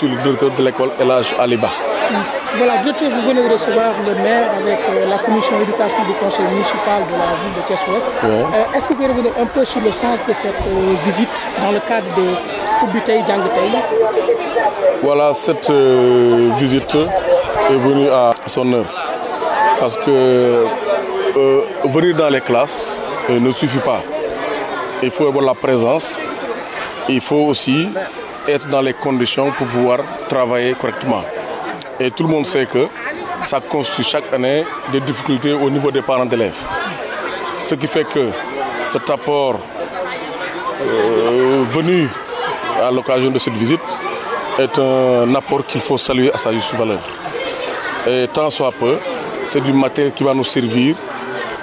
Je suis le directeur de l'école Elage Aliba. Voilà, directeur, vous venez de recevoir le maire avec euh, la commission éducation du conseil municipal de la ville de tchèche ouest euh, Est-ce que vous pouvez revenir un peu sur le sens de cette euh, visite dans le cadre de Kubutei Djangetei Voilà, cette visite est venue à son heure. Parce que venir dans les classes ne suffit pas. Il faut avoir la présence, il faut aussi être dans les conditions pour pouvoir travailler correctement. Et tout le monde sait que ça constitue chaque année des difficultés au niveau des parents d'élèves. Ce qui fait que cet apport euh, venu à l'occasion de cette visite est un apport qu'il faut saluer à sa juste valeur. Et tant soit peu, c'est du matériel qui va nous servir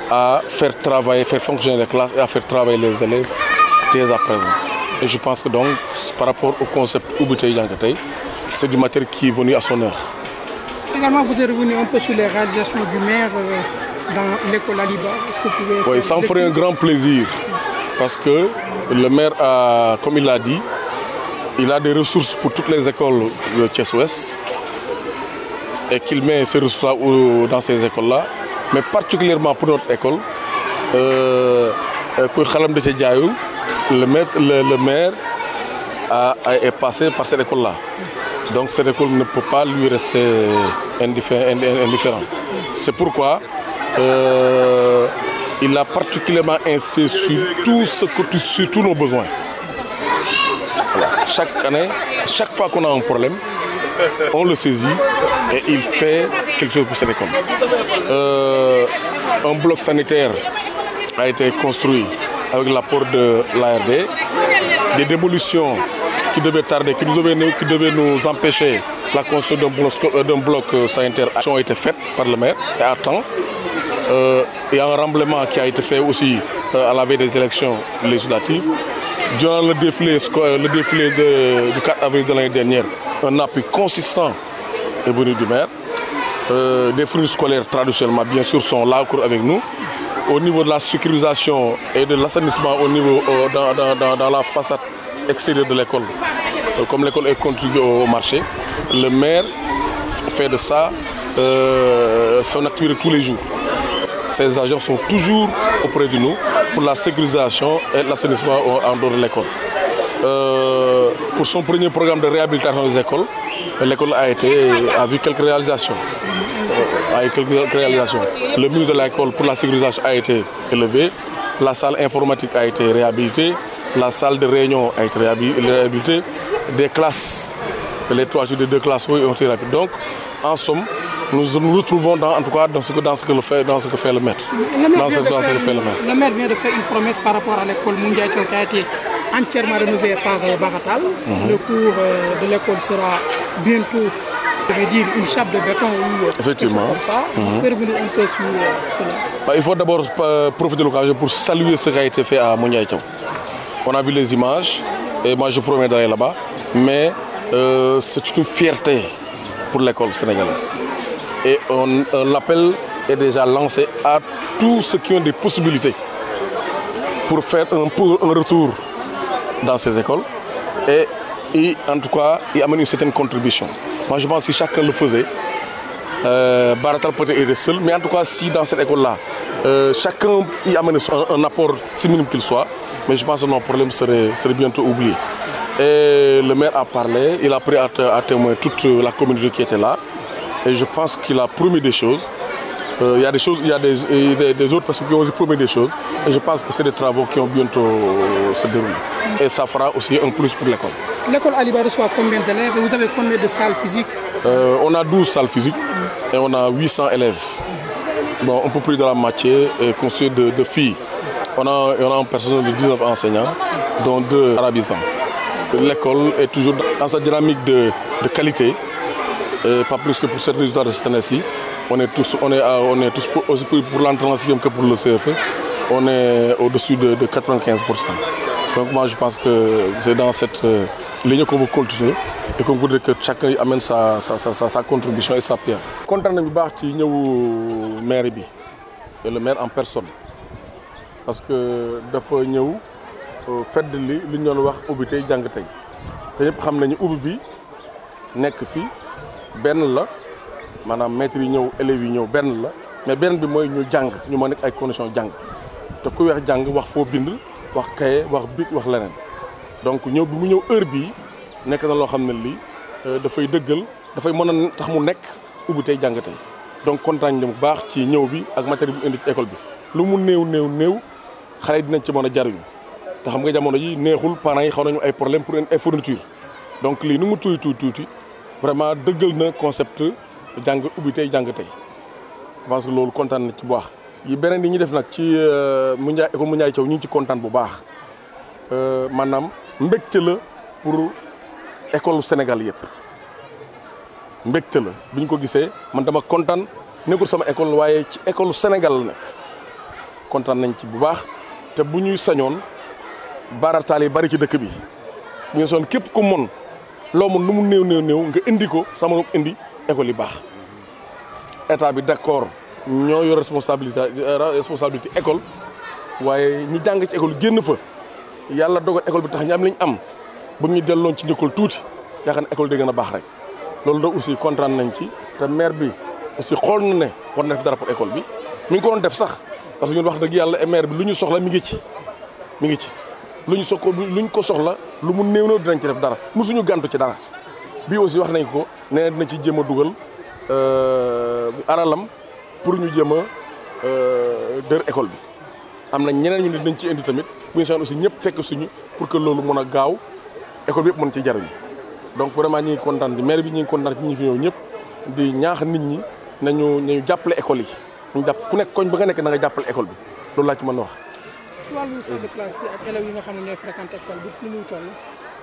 à faire travailler, faire fonctionner les classes et à faire travailler les élèves dès à présent. Et je pense que donc, par rapport au concept Ubutei Yankatei, c'est du matériel qui est venu à son heure. Également, vous êtes revenu un peu sur les réalisations du maire euh, dans l'école Aliba. Est-ce que vous pouvez. Oui, ça me ferait un grand plaisir. Parce que le maire, a, comme il l'a dit, il a des ressources pour toutes les écoles de Thiès-Ouest et qu'il met ces ressources dans ces écoles-là, mais particulièrement pour notre école, euh, euh pour Khalam de Tchadjaïou, le, maire est passé par cette école-là. Donc cette école ne peut pas lui rester indifférent. C'est pourquoi euh, il a particulièrement insisté sur tout sur tous nos besoins. Chaque année, chaque fois qu'on a un problème, on le saisit et il fait quelque chose pour cette école. Euh, un bloc sanitaire a été construit avec l'apport de l'ARD, des démolitions qui devaient tarder, qui, nous qui devaient nous empêcher la construction d'un bloc, bloc euh, sanitaire ont été faites par le maire et à temps. y euh, a un remblaiement qui a été fait aussi euh, à la veille des élections législatives. Durant le défilé, du 4 avril de l'année dernière, un appui consistant est venu du maire. des fruits scolaires traditionnellement, bien sûr, sont là avec nous au niveau de la sécurisation et de l'assainissement au niveau euh, dans, la façade extérieure de l'école. Euh, comme l'école est contribuée au marché, le maire fait de ça euh, son activité tous les jours. Ces agents sont toujours auprès de nous pour la sécurisation et l'assainissement en dehors de l'école. pour son premier programme de réhabilitation des écoles, l'école a, a vu quelques réalisations avec ah, quelques réalisations. Le mur de l'école pour la sécurisation a été élevé, la salle informatique a été réhabilitée, la salle de réunion a été réhabilitée, des classes, les trois jours des deux classes ont été réhabilitées. Donc, en somme, nous nous retrouvons dans, en tout cas dans ce que, dans ce que, fait, le maître. Le maire, fait le, maire vient de faire une promesse par rapport à l'école mondiale qui a été entièrement rénovée par euh, Baratal. Mhm. Le cours euh, de l'école sera bientôt une chape de béton ou Effectivement. Il faut d'abord euh, profiter de l'occasion pour saluer ce qui a été fait à Mouniaïto. On a vu les images, et moi je promets d'aller là-bas, mais euh, c'est une fierté pour l'école sénégalaise. Et l'appel est déjà lancé à tous ceux qui ont des possibilités pour faire un, retour dans ces écoles et, en tout cas y amener une certaine contribution. Moi, je pense que chacun le faisait. Euh, Baratal peut-être seul, mais en tout cas, si dans cette école-là, euh, chacun y amène un, apport, si minime qu'il soit, mais je pense que nos problèmes seraient, bientôt oubliés. Et le maire a parlé, il a pris à, à témoin toute la communauté qui était là, et je pense qu'il a promis des choses il euh, y a des choses, il y a des, autres personnes qui ont aussi promis des choses. Et je pense que c'est des travaux qui ont bientôt euh, se déroulé. Et ça fera aussi un plus pour l'école. L'école Alibaba reçoit combien d'élèves Vous avez combien de salles physiques euh, On a 12 salles physiques et on a 800 élèves. Bon, peut peu plus de la matière, est constituée de, filles. On a, on a un personnel de 19 enseignants, dont deux arabisants. L'école est toujours dans sa dynamique de, qualité, pas plus que pour cette résultats de cette année-ci. On est tous, on est, on est tous pour, aussi pour, pour que pour le CFE. On est au-dessus de, 95%. Donc moi je pense que c'est dans cette euh, ligne qu'on veut cultiver et qu'on voudrait que chacun amène sa, sa, sa, sa contribution et sa pierre. Content nañu baax ci maire et le maire en personne parce que dafa ñëw euh, fedd li li ñu doon wax ubbi tey jàng tey te ñëpp xam nañu ubbi bi manam maître yi ñëw élèves yi ñëw benn la mais benn bi moy ñu jang ñu mën nekk ay condition jang te ku weex jang wax fo bind wax kaye wax bic wax leneen donc ñëw bi mu ñëw heure bi nekk na lo xam li euh, da fay dëggal da fay a tax mu nekk ubu tay jàng tey donc kontaan nañu bu baax ci ñëw bi ak matériel bu indi ci école bi lu mu néew néew néew xale yi dinañ ci mëna a jariñu te xam nga jamono yi neexul parents yi xaw ay problème pour ay fourniture donc li nu mu tuuti tuuti vraiment dëggal na concept jang ubi tay jang tay parce que loolu contane na ci bu baax yi benen yi ñi def nak ci mu ñay ko mu ñay ciow ñi ci contane bu baax euh, manam mbecte la pour école Sénégal yépp mbecte la buñ ko gisee man dama kontaan nekkul sama école waye ci école Sénégal la nekk nañ ci bu baax te buñuy sañon sañoon bari ci dëkk bi ñu son képp ku mon lo mun lu mu neew neew neew nga indi ko sama indi école yi baax état bi d'accord accord ñoo responsabilité eh, responsabilité école waye ñi jang ci école génn fa yalla dogal école bi tax ñam liñ am bu ñu delloon ci ñëkul tuuti ya xane école de gëna bax rek loolu do aussi kontaan nañ ci té maire bi aussi xol na né war na def dara pour école bi mi ngi ko won def sax parce que ñun wax yalla yàlla eh, maire bi lu ñu soxla mi ngi ci mi ngi ci luñ so luñ ko soxla lu mu neewno dinañ ci def dara musuñu gantu ci dara bii aussi wax nañ ko nee na dina ci jéem a dugal euh, alalam pour ñu jéem a euh, dër école bi. am na ñeneen ñu ne dinañ ci indi tamit bu ñu soxla aussi ñëpp fekk suñu pour que loolu mën a gaaw école bi yëpp mën ci jariñ donc vraiment ñi kontaan bi maire bi ñi ngi kontaan ci ñi fi ñëw ñëpp di ñaax nit ñi nañu nañu jàppale école yi ñu jàpp ku nekk koñ ba nga nekk na nga jàppale école bi loolu laa ci mën a wax.